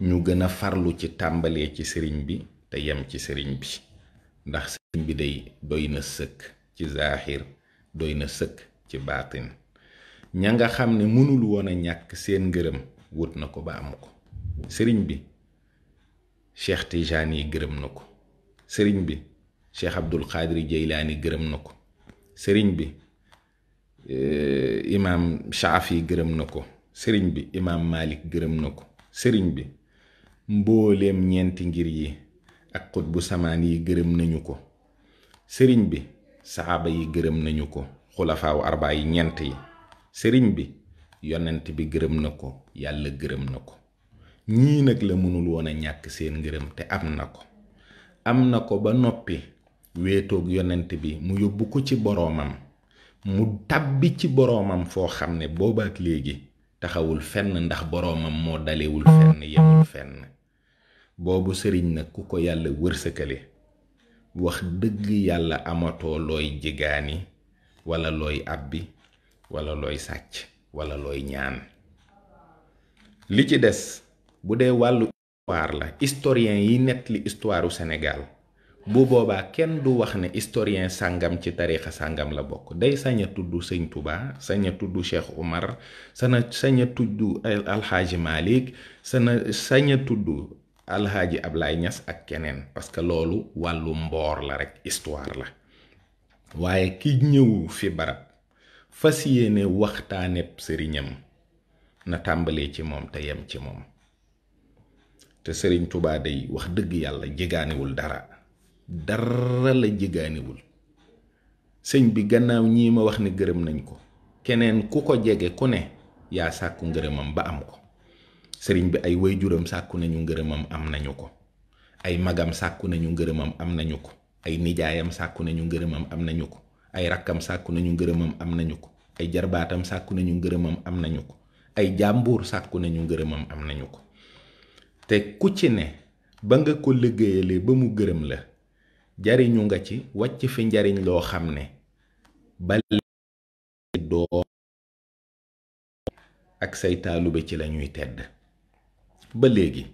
ñu gën a farlu ci tàmbalee ci sëriñ bi te yem ci sëriñ bi ndax sëriñ bi dey doy na sëkk ci zaaxir doy na sëkk ci baatin ña nga xam ne mënul woona ñàkk seen ngërëm wut na ko ba am ko sëriñ bi cheikh Tijaan yi gërëm na ko sëriñ bi cheikh Abdul gërëm na ko sëriñ bi e, imaam Shaafi gërëm na ko sëriñ bi imaam Malik gërëm na ko sëriñ bi mbooleem ñeenti ngir yi ak xut bu samaan yi gërëm nañu ko sëriñ bi saxaaba yi gërëm nañu ko xulafaawu arbaa yi ñeent yi sëriñ bi yonent bi gërëm na ko yàlla gërëm na ko ñii nag la mënul woon ñàkk seen ngërëm te am na ko am na ko ba noppi weetoog yonent bi mu yóbbu ko ci boroomam mu tàbbi ci boroomam foo xam ne boobaak léegi taxawul fenn ndax boroomam moo dalewul fenn yemul fenn boobu sëriñ nag ku ko yàlla wërsëkale wax dëgg yàlla amatoo looy jigaani wala looy abbi wala looy sàcc wala looy ñaan li ci des bu dee wàllu histoire la historien yi nettali histoire u bu boobaa kenn du wax ne historien sàngam ci tariixa sàngam la bokk day saña tudd sëñ Touba sañ tudd Cheikh Omar sana sañ a tudd Alxaaji Malik sana sañ tudd alxaaji Ablaye ñas ak keneen parce que loolu wàllu mboor la rek histoire la waaye ki ñëw fi barab fas yéene waxtaaneb sëriñam na tàmbalee ci moom te yem ci moom te sëriñ Touba day wax dëgg yàlla jegaaniwul dara dara la jegaaniwul sëñ bi gannaaw ñii ma wax ni gërëm nañ ko keneen ku ko jege ku ne yaa sàkku ngërëmam ba am ko sëriñ bi ay waajuram sàkku nañu ngërëmam am nañu ko ay magam sàkku nañu ngërëmam am nañu ko ay nijaayam sàkku nañu ngërëmam am nañu ko ay rakkam sàkku nañu ngërëmam am nañu ko ay jarbaatam sàkku nañu ngërëmam am nañu ko ay jàmbuur sàkku nañu ngërëmam am nañu ko te ku ci ne ba nga ko liggéeyalee ba mu gërëm la jariñu nga ci wacc fi njariñ loo xam ne ba doo ak say taalube ci lañuy tedd ba léegi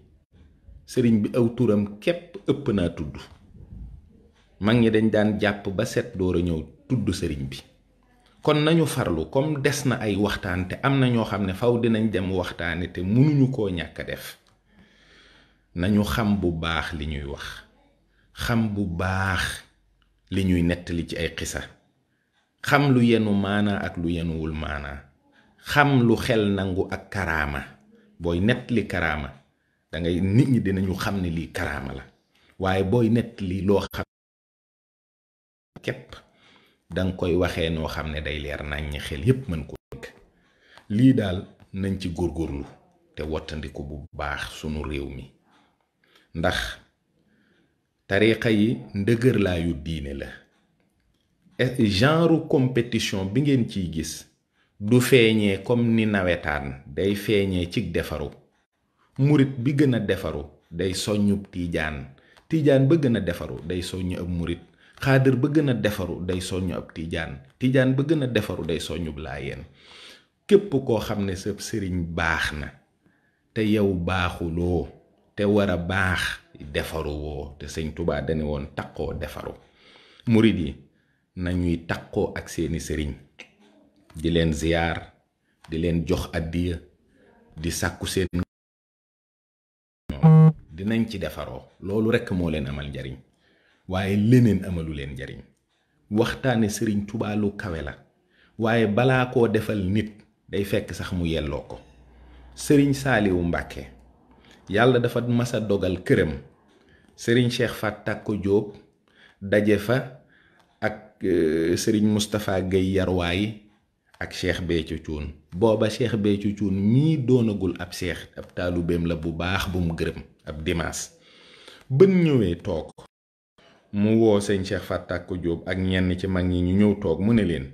sëriñ bi aw turam képp ëpp naa tudd mag ñi dañ daan jàpp ba set door a ñëw tudd sëriñ bi kon nañu farlu comme des na ay waxtaan te am na ñoo xam ne faw dinañ dem waxtaane te mënuñu koo ñàkk a def nañu xam bu baax li ñuy wax xam bu baax li ñuy nettali ci ay xisa xam lu yenu maanaa ak lu yenuwul maanaa xam lu xel nangu ak karaama booy nettali karaama da nit ñi dinañu xam ne lii karaama la waaye booy nettali loo xam képp danga koy waxee noo xam ne day leer naññi xel yépp mën ko dégg lii daal nañ ci góorgóorlu te wottandiku bu baax sunu réew mi ndax tariqa yi ndëgër diine la e, genre compétition bi ngeen ciy gis du feeñee comme ni nawetaan day feeñee cig defaru murit bi gën a defaru day soññub tiijaan tiijaan ba gën a defaru day soññ ab murit xaadir ba gën defaru day soññ ab tiijaan tiijaan ba gën defaru day soññub laayeen képp koo xam ne sa sëriñ baax na te yow baaxuloo te war a baax defaru te sëñ Tuubaa dane woon taqoo defaru murit yi nañuy taqoo ak seeni sëriñ di leen ziyaar di leen jox addiya di sàkku seen dinañ ci defaroo loolu rekk moo leen amal njariñ waaye leneen amalu leen njariñ waxtaane sëriñ Tuubaa kawe la waaye balaa koo defal nit day fekk sax mu yelloo ko sëriñ Saaliwu Mbàkke yàlla dafa masa dogal këram sëriñ Cheikh Fat Tàkko Jóob daje fa ak euh, sëriñ Moustapha Guèye Yarwaay ak Cheikh Béthio Thioune booba Cheikh Béthio Thioune mii doonagul ab seex ab taalubeem la bu baax bu mu gërëm ab dimaas bën ñëwee toog mu woo sëñ Cheikh Fatakko ak ñenn ci mag ñi ñu ñëw toog mu ne leen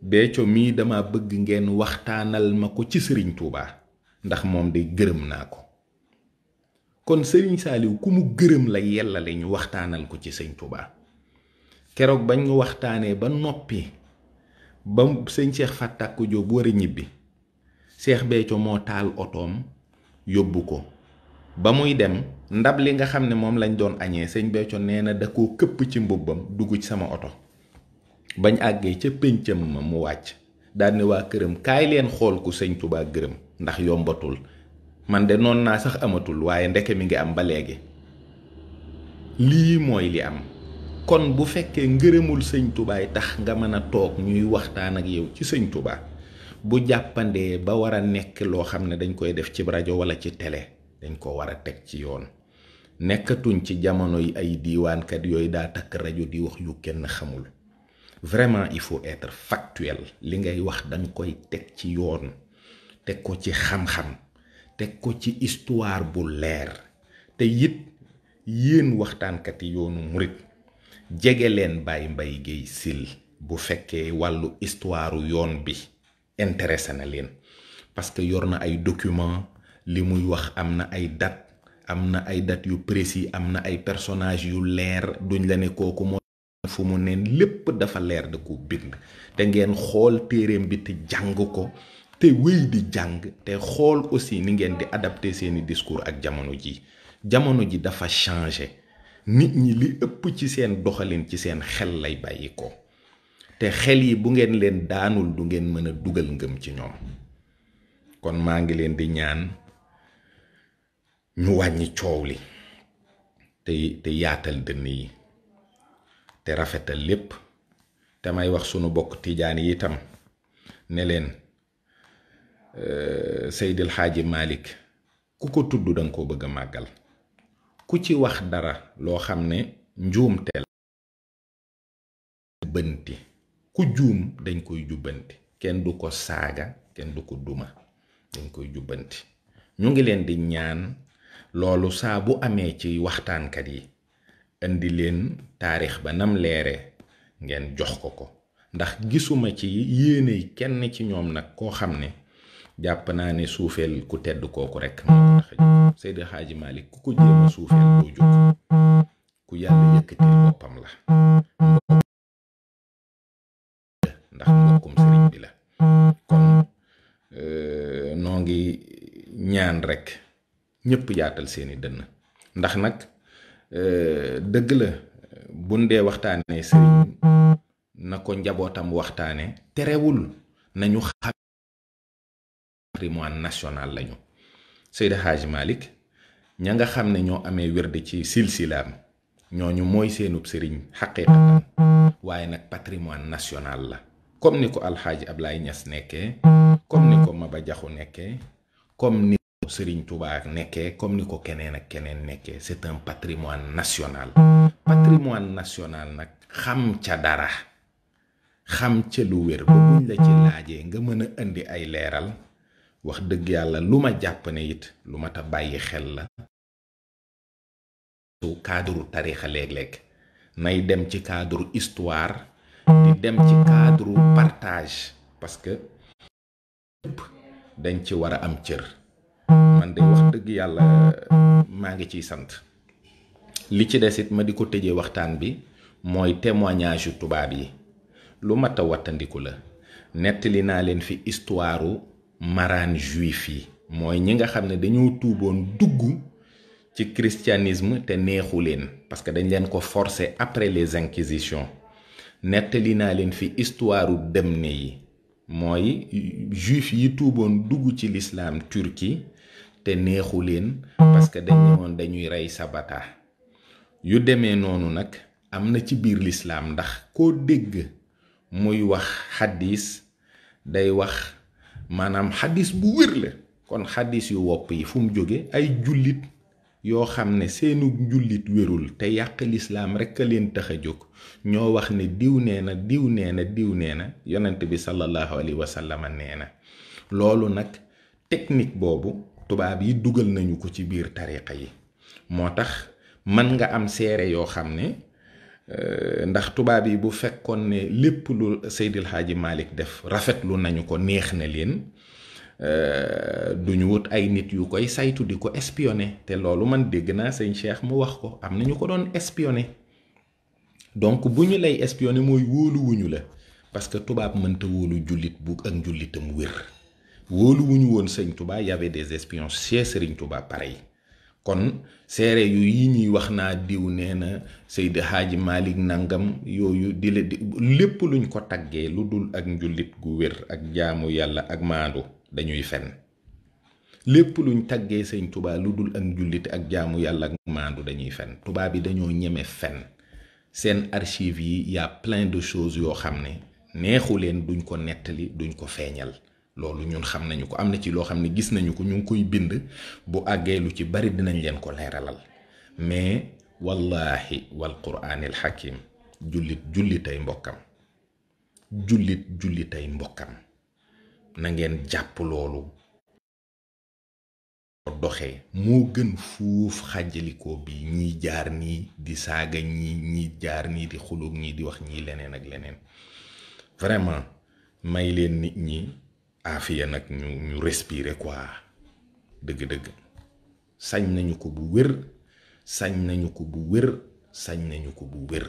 Béthio mii dama bëgg ngeen waxtaanal ma ko ci sëriñ Touba ndax moom de gërëm naa ko kon sëriñ Saaliw ku mu gërëm la yellale ñu waxtaanal ko ci sëñ Touba keroog bañ waxtaanee ba noppi ba sëñ Cheikh Fatakko Diop war a ñibbi Cheikh Béthio moo taal otoom yóbbu ko ba muy dem ndab li nga xam ne moom lañ doon añee sëñ Béthio nee na da këpp ci mbubbam dugg ci sama oto bañ àggee ca péncam ma mu wàcc daal waa këram kaay leen xool ku sëñ Touba gërëm ndax yombatul man de noonu naa sax amatul waaye ndeke mi ngi am ba léegi lii mooy li am. kon bu fekkee ngërëmul sëñ tubaay tax nga mën toog ñuy waxtaan ak yow ci sëñ tubaa bu jàppandee ba war a nekk loo xam ne dañ koy def ci rajo wala ci tele dañ ko war a teg ci yoon nekkatuñ ci jamono yi ay diwaankat yooyu daa takk rajo di wax yu kenn xamul vraiment il faut être factuel li ngay wax dañ koy teg ci yoon teg ko ci xam-xam teg ko ci histoire bu leer te it yéen waxtaankat yoonu murit jege leen Baye mbay Guèye Syll bu fekkee wàllu histoire yoon bi intéressé na leen parce que yor na ay document li muy wax am na ay date am na ay dat yu précis am na ay personnage yu leer duñ la ne kooku moo fu mu neen lépp dafa leer da ko bind te ngeen xool téereem bi te jàng ko te wéy di jàng te xool aussi ni ngeen di adapté seeni discours ak jamono ji jamono ji dafa changé nit ñi li ëpp ci seen doxalin ci seen xel lay bàyyi ko te xel yi bu ngeen leen daanul du ngeen mën a dugal ngëm ci ñoom kon maa ngi leen di ñaan ñu wàññi coow li te te yaatal dënn yi te rafetal lépp te may wax sunu bokk tiijaan yi itam ne leen euh, Seydil Xaaji Malik ku ko tudd danga koo bëgg a màggal ku ci wax dara loo xam ne njuumte ku juum dañ koy jubbanti kenn du ko saaga kenn du ko duma dañ koy jubbanti ñu ngi leen di ñaan loolu saa bu amee ci waxtaankat yi indi leen taarix ba nam leere ngeen jox ko ko ndax gisuma ci yéene kenn ci ñoom nag koo xam ne jàpp naa ne suufeel ku tedd kooku rek moo tax Seydi Xaaji Malik ku ko jéem suufeel doo yàlla yëkkatil boppam la ndax mbokkum sëriñ bi la kon euh, noo ngi ñaan rek ñépp yaatal seeni dënn ndax nag euh, dëgg la bundee dee waxtaanee sëriñ na ko njabootam waxtaane terewul nañu xam patrimoine national lañu Seydi Hadji Malick ña nga xam ne ñoo amee wérde ci silsilaam ñooñu mooy seenub sëriñ xaqiiqatan waaye nag patrimoine national la comme ni ko alxaaji Ablaye Niass nekkee comme ni ko Maba Jaxu nekkee comme ni ko sëriñ nekkee comme ni ko keneen ak keneen nekkee c'est un patrimoine national patrimoine national nag xam ca dara xam ca lu wér ba buñ la ci laajee nga mën a indi ay leeral wax dëgg yàlla lu ma jàpp ne it lu mat a bàyyi xel la su cadre tarixa léeg-léeg nay dem ci cadre histoire di dem ci cadre partage parce que ëpp dañ ci war a am cër man de yàlla maa ngi ciy sant li ci des it ma waxtaan bi mooy témoignage yu tubaab yi lu mat a wattandiku la nettali naa leen fi histoire maraan juif yi mooy ñi nga xam ne dañoo tuuboon dugg ci christianisme te neexu leen parce que dañ leen ko forcer après les inquisitions nettali naa leen fi histoireu Dëmne yi mooy juif yi tuuboon dugg ci lislaam turki te neexu leen parce que dañu dañuy rey sabata yu demee noonu nag am na ci biir lislaam ndax koo dégg muy wax xaddiis day wax maanaam xadis bu wér la kon xadis yu wopp yi fu mu jóge ay jullit yoo xam ne seenu jullit wérul te yàq lislaam rekk a leen tax a jóg ñoo wax ne diw nee na diw nee na diw nee na yonent bi sallallahu alayhi wa sallam nee na loolu nag technique boobu tubaab yi dugal nañu ko ci biir tariqa yi moo tax man nga am seere yoo xam ne Euh, ndax tubaab yi bu fekkoon ne lépp lu Seydil Hadji Malick def rafetlu nañu ko neex na leen euh, duñu wut ay nit yu koy saytu di ko espionné te loolu man dégg naa sëñ Cheikh mu wax ko am na ñu ko doon espionné donc bu ñu lay espionné mooy wóoluwuñu la parce que tubaab mënta wóolu jullit bu ak njullitam wér wóoluwuñu woon sëñ Touba y des espions chez Serigne Touba yi kon seere yu yi ñuy wax naa diw nee na Seydi Xaaji Malik nangam yooyu di lépp luñ ko taggee lu dul ak njulit gu wér ak jaamu yàlla ak maandu dañuy fen lépp luñ taggee sëñ tubaa lu dul ak njullit ak jaamu yàlla ak maandu dañuy fen tubaa bi dañoo ñemee fen seen archive yi y a plein de choses yoo xam ne neexu leen duñ ko nettali duñ ko feeñal loolu ñun xam nañu ko am na ci loo xam ne gis nañu ko ñu ngi koy bind bu àggee lu ci bari dinañ leen ko leeralal mais wallahi wal quraanil jullit jullitay mbokkam jullit jullitay mbokkam na ngeen jàpp loolu doxee moo gën fuuf bi ñiy jaar nii di saaga ñi ñi jaar nii di xulóog ñi di wax ñi leneen ak leneen vraiment may leen nit ñi aafiya nag ñu ñu respirer quoi dëgg-dëgg sañ nañu ko bu wér sañ nañu ko bu wér sañ nañu ko bu wér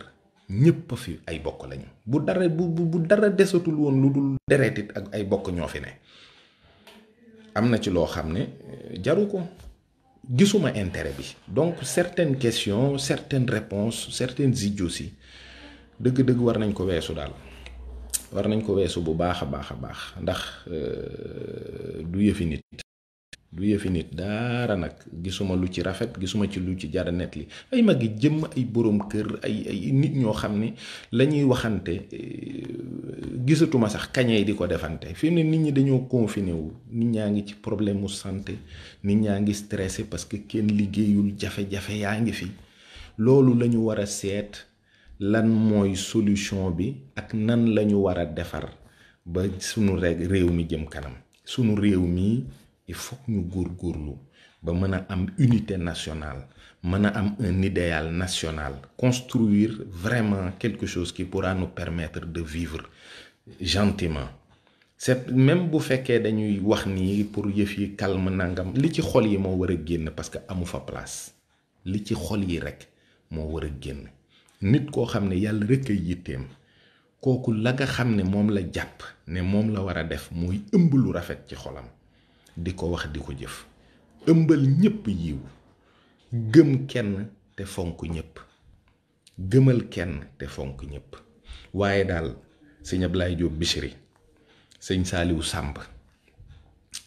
ñépp a fi ay bokk lañu bu dara bu bu dara desatul woon lu dul deretit ak ay bokk ñoo fi ne am na ci loo xam ne eh, jaru ko gisuma intérêt bi donc question questions certaines réponses certaines idioties dëgg-dëgg war nañ ko weesu daal war nañ ko weesu bu baax a baax a baax ndax euh, du yëfi nit du yëfi nit daara nag gisuma lu ci rafet gisuma ci lu ci jara net li ay mag yi jëmm ay boroom kër ay ay nit ñoo xam ne la ñuy waxante euh, gisatuma sax kañee di ko defante fii mu ne nit ñi dañoo confiné wu nit ñaa ngi ci problème mu santé nit ñaa ngi stressé parce que kenn liggéeyul jafe-jafe yaa ngi fi loolu lañu ñu war a seet lan mooy solution bi ak nan la ñu war a defar ba sunu rek réew mi jëm kanam sunu réew mii il faut ñu góorgóorlu ba mën a am unité national mën a am un idéal national construire vraiment quelque chose qui pourra nous permettre de vivre gentiment c'est même bu fekkee dañuy wax nii pour yëf yi calme nangam li ci xol yi moo war a génn parce que amu fa place li ci xol yi rek moo war a génn nit koo xam ne yàlla rek ay yitteem kooku la nga xam ne moom la jàpp ne moom la war a def muy ëmb lu rafet ci xolam di ko wax di ko jëf ëmbal ñépp yiw gëm kenn te fonk ñépp gëmal kenn te fonk ñépp waaye daal sëñ Ablaye Diop Bichri sëñ Saaliwu Sàmb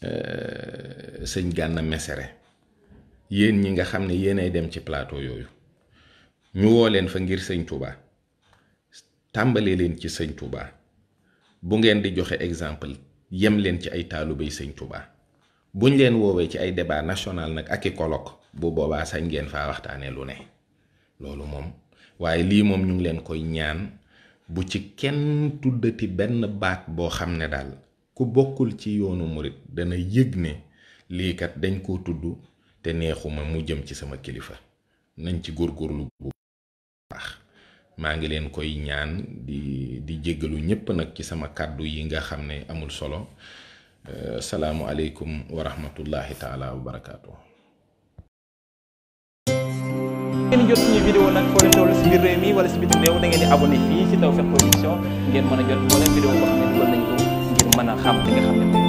euh, sëñ Gànna Mesere yéen ñi nga xam ne yéenay dem ci plateau yooyu ñu woo leen fa ngir sëñ Touba tàmbalee leen ci sëñ Touba bu ngeen di joxe exemple yem leen ci ay taalubéy sëñ Touba buñ leen woowee ci ay débat national nag ak bu boobaa sañ ngeen faa waxtaanee lu ne loolu moom waaye lii moom ñu ngi leen koy ñaan bu ci kenn tuddati benn baat boo xam ne daal ku bokkul ci yoonu murit dana yëg ne liikat dañ koo tudd te neexuma mu jëm ci sama kilifa nañ ci góorgóorlu bu maa ngi leen koy ñaan di di jéggalu ñépp nag ci sama kàddu yi nga xam ne amul solo euh, salaamu wa rahmatullahi taala wa barakaatu. si biir réew mi wala si bitim réew da ngeen di abonné fii si Tawfekh Production ngeen mën a jot moo leen vidéo xam ne nga xam ne